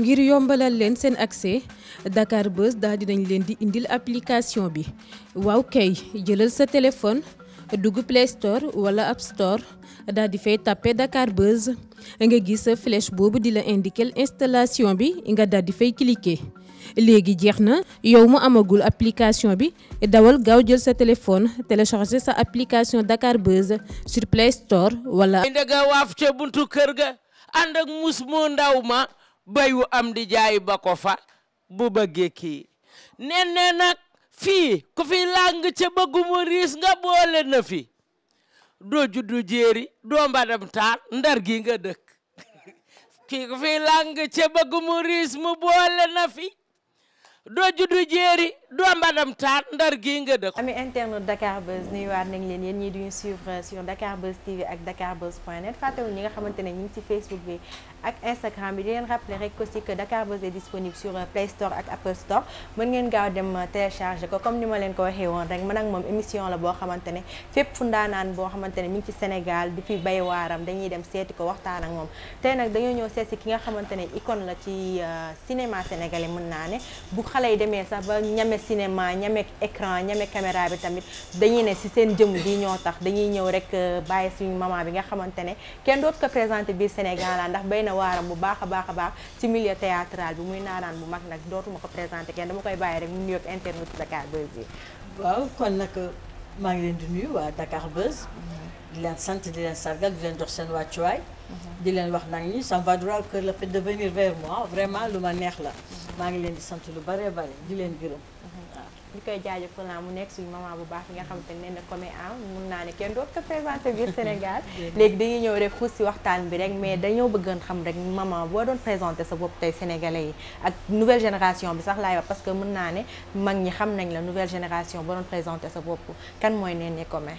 ngir yombalal leen seen accès Dakar Buzz daal dinañ leen di indil application bi waaw kay jëlal sa téléphone dugg Play Store wala App Store daal di fay tàppe Dakar Buzz nga gis sa flèche boobu di la indiquer installation bi nga dal di fay cliquer léegi jeex na yow mu amagul application bi dawal gaaw jël sa téléphone télécharger sa application Dakar Buzz sur Play Store wala. ndega waaf ca buntu kër ga ànd ak mus moo ndaw ma. bayu am di jaay ba ko fa bu bëggee kii nen ne nag ku fi làng ca bëggumu riis nga boole na fi doo juddu jéeri doo mbadam taal ndar gi nga dëkk kii ku fi làng ca bëggumu riis mu boole na fi doo juddu jéeri doo mbadam taat ndar gii nga dëkk. ami internet Dakar Buzz nuyuwaat nañ leen yéen ñii duñu suivre sur Dakar Buzz TV ak Dakar Buzz point net fàttewuñu ñi ne ñu ngi ci Facebook bi ak Instagram bi di leen rappeler rek aussi que Dakar Buzz est disponible sur ko comme ni ma leen ko waxee woon rek man ak moom émission la boo xamante ne fépp fu ndaanaan boo xamante ne mi ngi ci Sénégal di fi bay waaram dañuy dem seeti ko waxtaan ak moom tey nag dañoo ñëw seet si ki nga xamante ne icône la ci euh, cinéma sénégalais mën naa ne bu xale yi demee sax ba ñame cinéma ñameek écran ñame caméra bi tamit dañuy ne si seen jëmm bi ñoo tax dañuy ñëw rek euh, bàyyi suñu maman bi nga xamante ne kenn dootu ko présenté biir Sénégal ah, ndax béy na waaram bu baax a baax a baax ci milieu théâtral bi muy naanaan bu mag nag dootuma ko présenté kenn dama koy bàyyi rek mu yokk internet Dakar Buzz yi waaw kon nag euh, maa ngi leen di nuyu waa leen sant di leen sargal di leen jox seen wàccuwaay di leen wax nag ñi ça va droit au cœur le fait de vraiment lu ma neex la maa ngi leen di sant lu bare bare di leen gërëm ñu koy jaajëfal naa mu nekk suñu maman bu baax bi nga xamante ne na comme am mun naa ne kenn doot ko présenté biir Sénégal léegi dañuy ñëw rek xuus si waxtaan bi rek mais dañoo bëggoon xam boo doon présenté sa bopp tey sénégalais yi ak nouvelle bi sax laay wax parce que mën naa ne mag ñi xam nañ la nouvelle génération boo doon présenté sa bopp kan mooy Néné Comé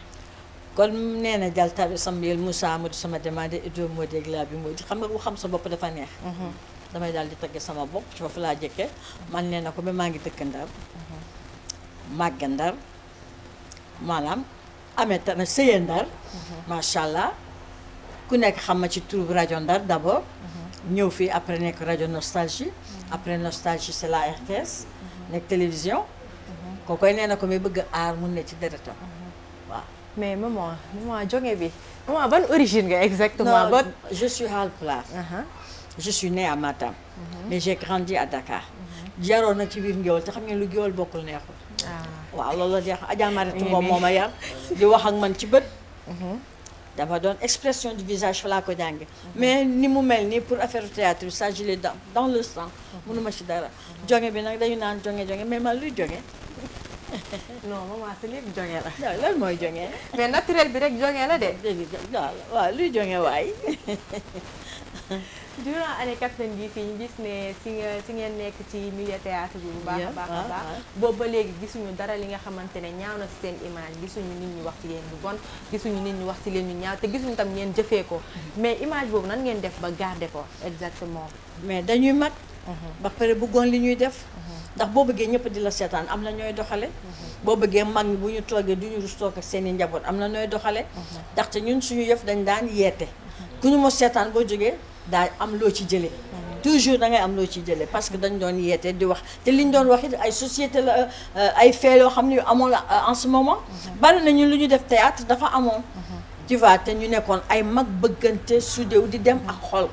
kon nee na jaltabi samyel Moussa Amadou sama demandé ido moo dégg laa bi moo di xam nga xam sa bopp dafa neex mhm. damay daal di tagge sama bopp foofu laa jëkke man nee na maa ngi dëkk Ndar mhm. màgge ndar maanaam amee tamit sëye ndar mhm. macha allah ku nekk xam ma ci tur rajo ndar d'abord mhm. ñëw fii après nekk rajo nostalgie mhm. après nostalgie c'est la RTS nekk télévision kookoy nee na ko mais bëgg aar mun ne ci deretam waaw mais maman maman jonge bi maman ban origine nga exactement non je suis Haalpulaar je suis née à Matam mais j'ai grandi à Dakar jaroon na ci biir ngéwal te xam ngeen lu géwal bokkul neexul waaw loolu la jeex Adja Maritou Ngom moo ma yar di wax ak man ci bët mhm. dafa doon expression de visage fa laa ko jànge mais ni mu mel nii pour affaire théâtre ça je l'ai dans dans le sang mënuma ci dara jonge bi nag dañu naan jonge jonge mais man luy jonge non maman mooy jonge mais bi rek jonge la de waaw waaw luy jonge waay durant année 90 yi ñu gis ne si si ngeen nekk ci milieu théâtre bu baax a baax a ah, baax ah. boobu léegi gisuñu dara li nga xamante ne ñaaw na seen image gisuñu nit ñu wax ci leen lu bon gisuñu nit ñi wax ci leen ñu ñaaw te gisuñu tam ngeen jëfee ko mais image boobu nan ngeen def ba garder ko exactement mais dañuy mag mhm. ba pare bëggoon li ñuy def mhm. ndax boo bëggee ñëpp di la seetaan am na ñooy doxale mhm. boo bëggee mag ñi bu ñu toogee du ñu rus toog ak seen i njaboot am na ñooy doxale ndaxte ñun suñu yëf dañ daan yeete ku ñu mo seetaan boo jógee daa am loo ci jëlee. toujours da ngay am loo ci jëlee parce que dañ doon yeete di wax te li liñ doon wax it ay société la euh, ay fee yoo xam ne yu amoon euh, en ce moment. Mhm. bari nañu lu ñu def théâtre dafa amoon. Mhm. tu vois te ñu nekkoon ay mag bëggante sudew di dem ak xol.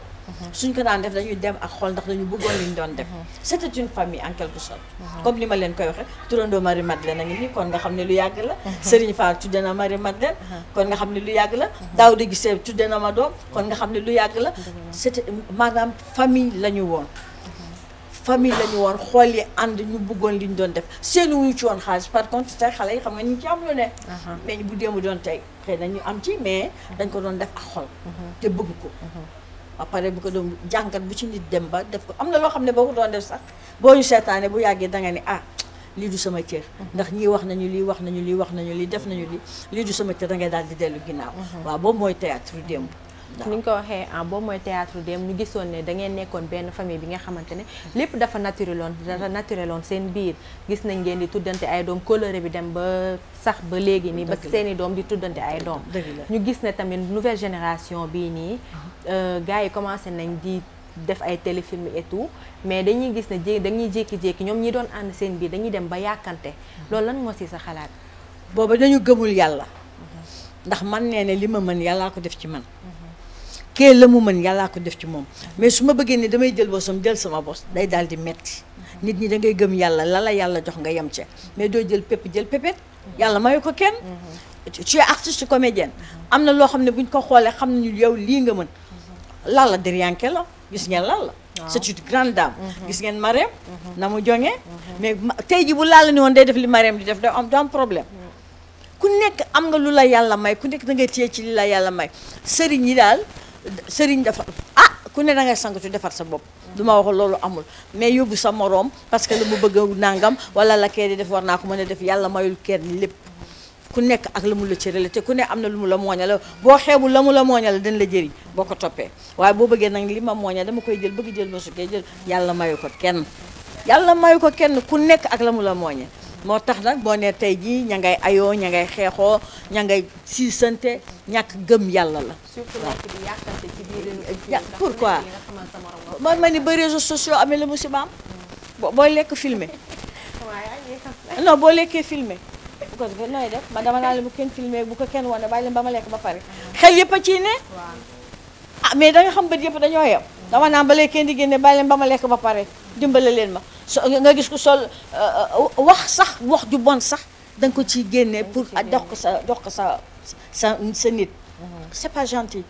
suñ ko daan def dañuy dem ak xol ndax dañu bëggoon liñ doon def c'était une famille en quelque sorte mhm. comme li ma leen koy waxee turandoo Marie Madeleine a ngi nii kon nga xam ne lu yàgg la mhm. Serigne Fall tudde na Marie Madeleine mhm. kon nga xam ne lu yàgg la Daouda Guissé tudde na ma doom kon nga xam ne lu yàgg la c'était maanaam famille la ñu woon famille la ñu woon xool yi ànd ñu bëggoon li ñu doon def seeni wuñu ci woon xaalis par contre xale yi xam nga ñu ci am lu ne mais bu démb doon tey xëy na ñu am ci mais dañ ko doon def ak xol te bëgg ko ba pare bu ko doon jàngat bu ci nit dem ba def ko am na loo xam ne boo ko doon def sax boo ñu seetaane bu yàggee da ne ah lii du sama cër ndax ñii wax nañu lii wax nañu lii wax nañu lii def nañu lii lii du sama cër da ngay daal di dellu ginnaaw waaw boobu mooy théâtre démb ni ñu ko waxee en ah, boobu mooy théâtre dem ñu gisoon ne da nekkoon benn famille bi nga xamante ne lépp dafa natureloon dafa natureloon seen biir gis nañ ngeen di tuddante ay doom coloré bi dem ba sax ba léegi nii ba seen i doom di tuddante ay doom ñu gis ne tamit nouvelle génération bii nii uh-huh. euh, gars yi commencé nañ di def ay téléfilm et tout mais dañuy gis ne jé dañuy jékki-jékki ñoom ñi doon ànd seen biir dañuy dem ba yàkkante uh-huh. loolu lan moo si sa xalaat booba dañu gëmul yàlla uh-huh. ndax man nee ne li ma mën yàllaa ko def ci man kee la mu mën yàllaa ko def ci moom mais su ma bëggee ne damay jël bosam jël sama bos day daal metti nit ñi da ngay gëm yàlla la la yàlla jox nga yem ca mais doo jël pépp jël pépét yàlla mayu ko kenn tu es artiste comédienne am na loo xam ne buñ ko xoolee xam nañu yow lii nga mën lalla diryanke la gis ngeen lalla c'est une grande mm-hmm. gis ngeen Marème mm-hmm. na mu joŋee mm-hmm. mais bu lalla ni woon day def li Marème di def day am ku nekk am nga lu la yàlla may ku nekk da ngay téye ci li la yàlla may sëriñ yi daal sëriñ dafa ah ku ne da ngay sangu ci defar sa bopp duma wax loolu amul mais yóbbu sa moroom parce que la mu bëgg nangam wala la kee di def war naa ko mën a def yàlla mayul kenn lépp ku nekk ak la mu la cërale ku ne am na lu mu la mooñale boo xeebu la mu la mooñale dañ la jëriñ boo ko boo bëggee nag li ma mooñal dama koy jël bëgg jël ma su koy jël yàlla mayu ko kenn yàlla mayu ko kenn ku nekk ak la mu la mooñe moo tax nag boo ne tey jii ña ngay ayoo ña ngay xeexoo ña ngay siisante ñàkk gëm yàlla la. surtout nekk di yàqante ci biir. pourquoi man ma ni ba réseaux sociaux amee la si am. booy lekk filmé. non boo lekkee filmé. bu ko defee nooy def man dama naa leen bu kenn filmé bu ko kenn wane bàyyi leen ba ma lekk ba pare. Mm. xel yépp a ci ne. ah mais danga xam bët yëpp dañoo yem. dama naan balee kenn di génne bàyyi leen ba ma lekk ba pare dimbale leen ma so nga gis ko sol euh, euh, wax sax wax ju bon sax danga ko ciy génne pour dox ah, ko sa dox ko sa. sa sa nit. c'est pas gentil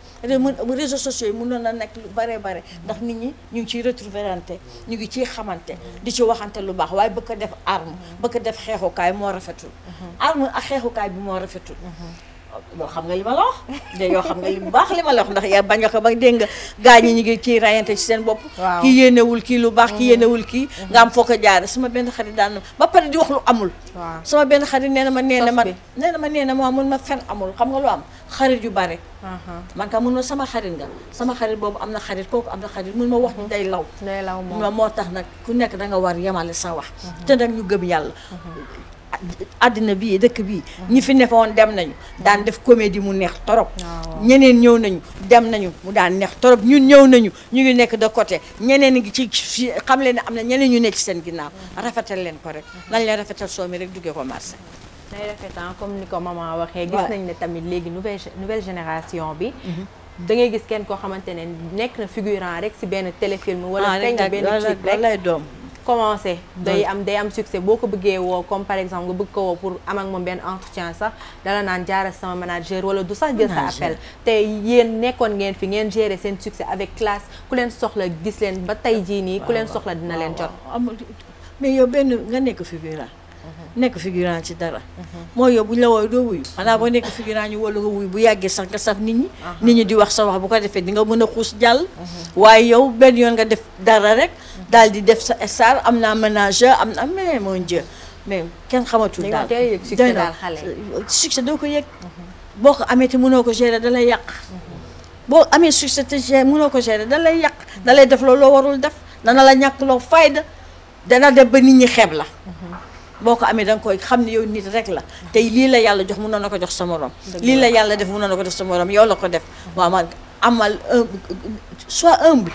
réseaux sociaux yi mënoon na nekk lu bare bare ndax nit ñi ñu ngi ciy retrouverante ñu ngi ciy xamante di ci waxante lu baax waaye bëgg ko def arme bëgg ko def xeexukaay moo rafetul mhm. arme ak xeexukaay bi moo rafetul mhm. yoo xam nga li ma la wax de xam nga li baax li ma la wax ndax yaa bañ ko ba dégg nga gaañ ñi ngi ciy rayante ci seen bopp kii yéenewul kii lu baax kii mm-hmm. yéenewul kii mm-hmm. nga am foo ko jaare sama benn xarit daan na ba pare di wax lu amul sama benn xarit nee na ma nee na ma na ma nee na ma mun ma fen amul xam nga lu am xarit yu bare uh-huh. man ka mun ma sama xarit nga sama xarit boobu am na xarit kooku am na xarit mun ma wax ni mm-hmm. day law day law moom moo tax nag ku nekk da nga war yemale sa wax te nag ñu gëm yàlla àddina bii dëkk bi ñi fi nefoon dem nañu daan def comédie mu neex torop ñeneen ñëw nañu dem nañu mu daan neex torop ñun ñëw nañu ñu ngi nekk de côté ñeneen ngi ci fi xam leen am na ñeneen ñu nekk ci seen ginnaaw mm-hmm. rafetal leen ko rek mm-hmm. nañ leen rafetal soo mi rek duggee ko marché day rafetal comme ni ko maman waxee gis nañ ne tamit léegi nouvelle nouvelle génération bi mm-hmm. da ngay gis kenn koo xamante ne nekk na figurant rek si benn téléfilm ah, wala feeñ benn clip rek lay commencé day am day am succès boo ko bëggee woo comme par exemple nga bëgg ko woo pour am ak moom benn entretien sax dala naan jaara sama manager wala du sax jël sa appel te yéen nekkoon ngeen fi ngeen gérer seen succès avec classe ku leen soxla gis leen ba tey jii nii ku leen soxla dina leen jot mais yow benn nga nekk fi nekk figurant ci dara. mooy yow bu ñu la wooyee doo wuyu. xanaa boo nekk figurant ñu wóolu nga wuyu bu yàggee sax nga saf nit ñi. nit ñi di wax sa wax bu ko defee di nga mën a xuus jàll. waaye yow benn yoon nga def dara rek. daal di def sa star am naa manager am na mais mon dieu mais kenn xamatul daal day na euh, succès doo ko yëg. boo ko amee te mënoo ko gérer da yàq. boo amee succès te gérer mënoo ko gérer da lay yàq. dalay def loolu loo warul def dana la ñàkk loo fayda dana def ba nit ñi xeeb la. boo ko amee da koy xam ne yow nit rek la tey lii la yàlla jox mënoon na ko jox sa morom lii la yàlla def mënoon na ko def sa morom yow la ko def waaw man amal euh, soit humble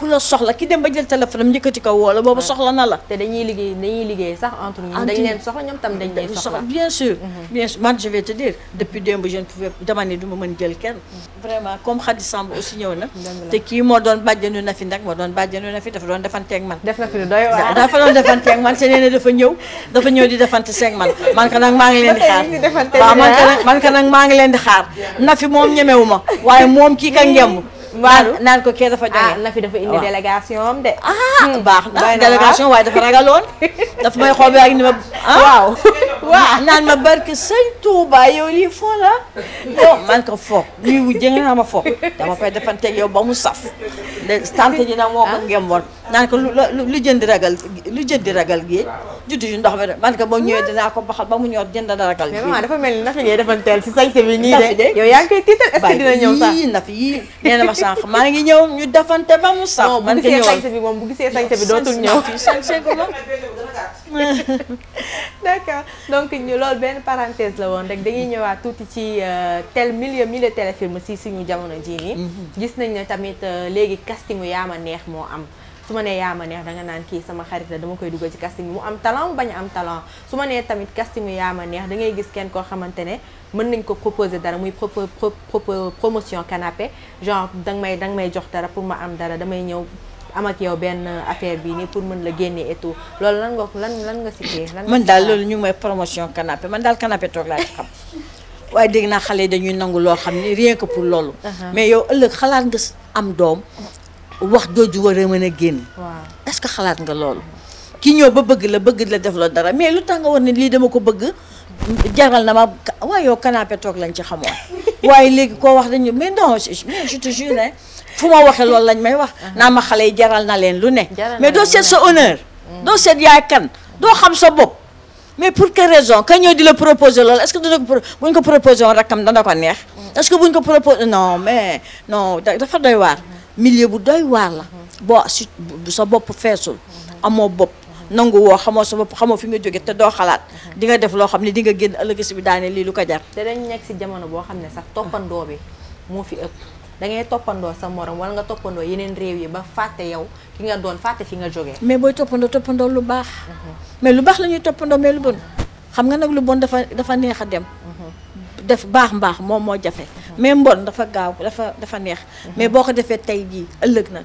ku la soxla ki dem ba jël téléphone am njëkkati ko woo la boobu soxla na la. te dañuy liggéey dañuy liggéey sax entre ñun. dañ leen soxla ñoom tam dañ leen soxla bien sûr. Mhm. bien sûr man je vais te dire depuis démb je ne pouvais dama ne du ma mën jël kenn. Mhm. vraiment comme Khady Samb aussi ñëw moo doon bàjjenu na fi nag moo doon na fi doon defanteeg man. def na fi doy waar dafa doon defanteeg man te nee na dafa ñëw dafa ñëw di defante seeg man man ka nag maa ngi leen di xaar. waaw maa ngi leen di na fi moom ñemewu waaye moom kii ka ngemb. waaw naan ko kee dafa a ah na fi dafa indi ah. délégation am de. ah hmm. baax na ah, délégation waaye dafa ragaloon daf may xool ak ni ma. Ah? waaw. waaw naan ma barke sëñ Touba yow lii foo la yow man ko foog lii wu jëng naa ma foog dama koy defanteeg yow ba mu saf tante ji nag moo ko ah. ngemboon naan ko lu lu jëndi ragal lu jëndi ragal géej juddu yu ndox mi de man ko ba ñëwee dinaa ko baxal ba mu ñor jënd na ragal géej mais dafa mel ni Nafi ngay defanteel si sañse bi nee na ma sànq maa ngi ñëw ñu defante ba mu saf man ko ñëw sañse bi moom bu gisee sañse bi dootul ñëw sañse d'accord donc ñu loolu benn parenthèse la woon rek dañuy ñëwaat tuuti ci euh, tel milieu milieu téléfilm si suñu jamono jii nii. Mm-hmm. gis nañ ne tamit euh, léegi castingu yaa ma neex moo am su ma nee yaa ma neex danga naan kii sama xarit la dama koy dugal ci casting mu am talent mu bañ am talent su ma nee tamit castingu yaa ma neex da ngay gis kenn koo xamante ne mën nañ ko proposer dara muy propo promotion canapé genre danga may danga may jox dara pour ma am dara damay ñëw. am ak yow benn affaire bi nii pour mën la génne et tout loolu lan nga lan lan nga sikkee man daal loolu ñu ngi may promotion canapé man daal canapé toog laa ci xam waaye dégg naa xale dañuy nangu loo xam ne rien que pour loolu uh-huh. mais yow ëllëg xalaat nga am doom wax jooju war a mën génn waaw est-ce que xalaat nga loolu ki ñëw ba bëgg la bëgg la def la dara mais lu tax nga war ne lii dama ko bëgg jaral na ma waaye yow canapé toog lañ ci xamoon waaye léegi koo wax dañu mais non je te jure fu ma waxee loolu lañ may wax naa ma xale yi jaral na leen lu ne mais doo seet sa honneur mm. doo seet yaay kan doo xam sa bopp mais pour quelle raison ka ñëw di la proposer lool est que dana ko bu ñu ko proposer woon rakkam dana ko neex mm. est-ce que bu ñu dafa doy waar mm-hmm. milieu bu doy waar la mm-hmm. boo si sa bopp feesul mm-hmm. amoo bopp nangu woo xamoo sa bopp xamoo fi nga jóge te doo xalaat di nga def loo xam ne di nga génn ëllëg bi daane lii lu ko jar te dañ nekk si jamono boo xam ne sax toppandoo bi moo fi ëpp da ngay toppandoo sa morom wala nga toppandoo yeneen réew yi ba fàtte yow ki nga doon fàtte fi nga jógee. mais booy toppandoo toppandoo lu baax. Mhm. mais lu baax la ñuy toppandoo mais lu bon xam nga nag lu bon dafa dafa neex a dem. Mhm. def baax mbaax moom moo jafe. Mhm. mais mbon dafa gaaw dafa dafa neex. mais boo ko defee tey jii ëllëg na.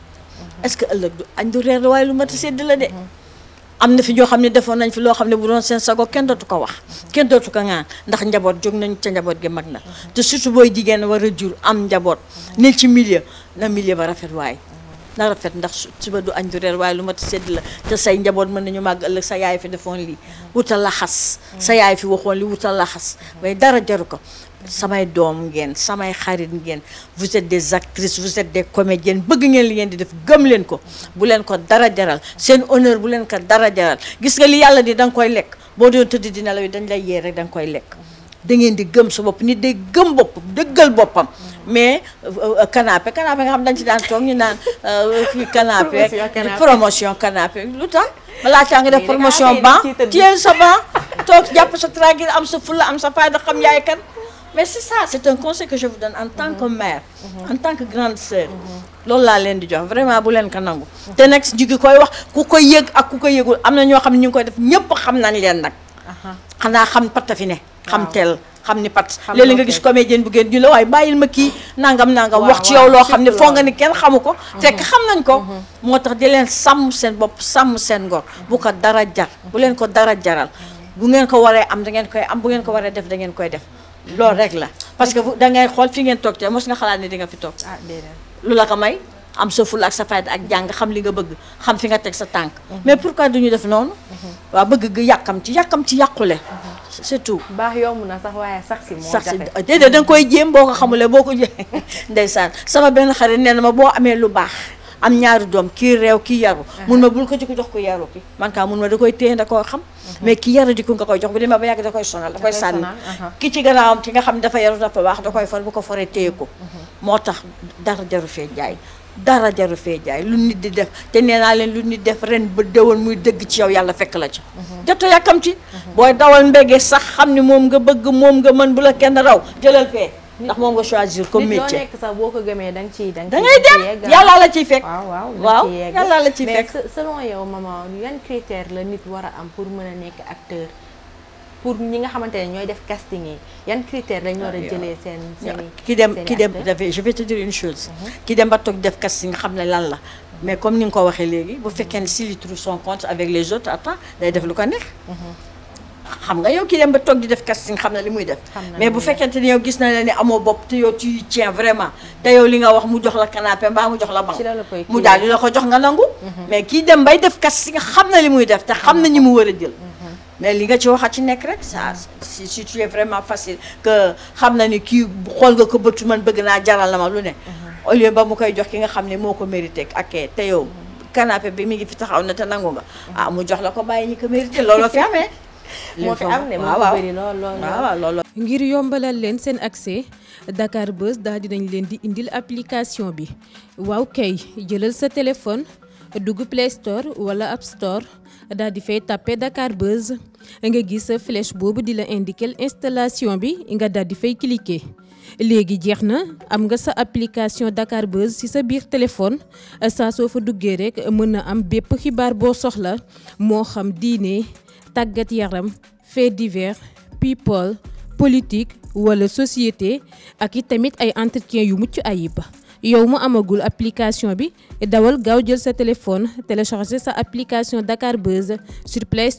est que ëllëg du añ du reer waaye lu mat a sédd la de. am na fi ñoo xam ne defoon nañ fi loo xam ne bu doon seen sago kenn dootu ko wax kenn dootu ko ŋaan ndax njaboot jóg nañ ca njaboot gi mag na te surtout booy jigéen war a jur am njaboot ne ci milieu na milieu ba rafet waaye na rafet ndax suba du añ du reer waaye lu mat sedd la te say njaboot mën nañu màgg ëllëg sa yaay fi defoon lii wutal la xas sa yaay fi waxoon lii wutal la xas waaye dara jaru ko samay doom ngeen samay xarit ngeen vous êtes des actrices vous êtes des comédiennes bëgg ngeen li ngeen di def gëm leen ko bu leen ko dara jaral seen honneur bu leen ko dara jaral gis nga li yàlla di danga koy lekk boo doon tëdd dina la dañ lay yee rek da nga koy lekk da ngeen di gëm sa bopp nit day gëm bopp dëggal boppam mais euh, euh, canapé canapé nga xam dañ ci daan toog ñu naan euh, kii canapé promotion canapé lu tax balaa caa nga def promotion ah, ban téel sa ban toog jàpp sa tranquille am sa am sa fayda xam yaay kan mais c'est ça c'est un conseil que je vous donne en tant que mère en tant que grande sœur loolu laa leen di jox vraiment bu leen ko nangu te nag ñu ngi koy wax ku ko yëg ak ku ko yëgul am na ñoo xam ne ñu ngi koy def ñëpp xam nañ leen nag xanaa xam patta fi ne xam teel xam ni pat léeg li nga gis comédien bu génn ñu la waaye bàyyil ma kii nangam nangam wax ci yow loo xam ne foo nga ni kenn xamu ko fekk xam nañ ko moo tax di leen sàmm seen bopp sàmm seen ngor bu ko dara jar bu leen ko dara jaral bu ngeen ko waree am da ngeen koy am bu ngeen ko waree def da koy def loolu rek la parce que da ngay xool fi ngeen toog te mos nga xalaat ne di nga fi toog. Ah, lu la ko may am sa ful ak sa fayda ak jàng xam li nga bëgg xam fi nga teg sa tànk. Mhm. mais pourquoi du ñu def noonu. Mhm. waa bëgg gi yàkkam ci yàkkam ci yàqule. Mhm. surtout baax yomb na sax waaye sax si moo jafe déedéet da koy jéem boo ko xamulee boo ko jéem ndeysaan sama benn xarit nee na ma boo amee lu baax. am ñaari doom kii réew kii yaru mun ma bul ko ci jox ko yaru ki man kaa mun ma da koy téye da koo xam mais ki yaru diku nga koy jox bu demee ba yàgg da koy sonal da koy sànni ki ci gannaawam ki nga xam ne dafa yaru dafa baax da koy for bu ko foree téye ko moo tax dara jaru fee jaay dara jaru fee jaay lu nit di def te nee naa leen lu nit def ren ba déwoon muy dëgg ci yow yàlla fekk la ci jotto yàkkamti booy dawal mbégee sax xam ni moom nga bëgg moom nga mën bu la kenn raw jëlal fee ndax moom nga choisir comme métier nekk sax boo ko gëmee da nga ciy da nga ciy dem yàlla la ciy fekk. waaw waaw waaw yàlla la ciy fekk. mais selon yow maman yan critère la nit war a am pour mën a nekk acteur pour ñi nga xamante ne ñooy def casting yi yan critère lañ war a ah, jëlee seen seen ki dem ki dem dafay je chose. Mhm. ki dem ba toog def casting xam ne lan la. mais comme ni nga ko waxee léegi bu fekkee si s'il trouve son compte avec les autres attends day def lu ko neex. Mhm. xam nga yow ki dem ba toog di def casting xam na li muy def mais bu fekkente ni yow gis na la ne amoo bopp te yow tu tiens vraiment te yow li nga wax mu jox la canapé mbaa mu jox la banc mu daal di la ko jox nga nangu mhm. mais kii dem bay def casting xam na li muy def te xam na ñi mu war a jël mhm. mais li nga ci wax a ci nekk rek ça si si vraiment facile que xam na ni kii xool nga ko bëtu man bëgg naa jaral la ma lu ne mhm. au lieu ba mu koy jox ki nga xam ne moo ko mérité ak te yow canapé bi mi ngi fi taxaw na te nangu nga ah mu jox la ko bàyyi ni ko mérité looloo fi amee moo fi am ne moo fi bëri lool lool ngir yombalal leen seen accès Dakar Buzz daal dinañ leen di indil application bi waaw kay jëlal sa téléphone dugg Play Store wala App Store daal di fay tapé Dakar Buzz nga gis sa flèche boobu di la indiquer installation bi nga daal di fay cliquer léegi jeex na am nga sa application Dakar Buzz ci sa biir téléphone saa soo fa duggee rekk mën na am bépp xibaar boo soxla moo xam diine tàggat yaram fait divers people politique wala société ak it tamit ay entretien yu mucc ayib yow mu amagul application bi dawal gaaw jël sa téléphone télécharger sa application Dakar Buzz sur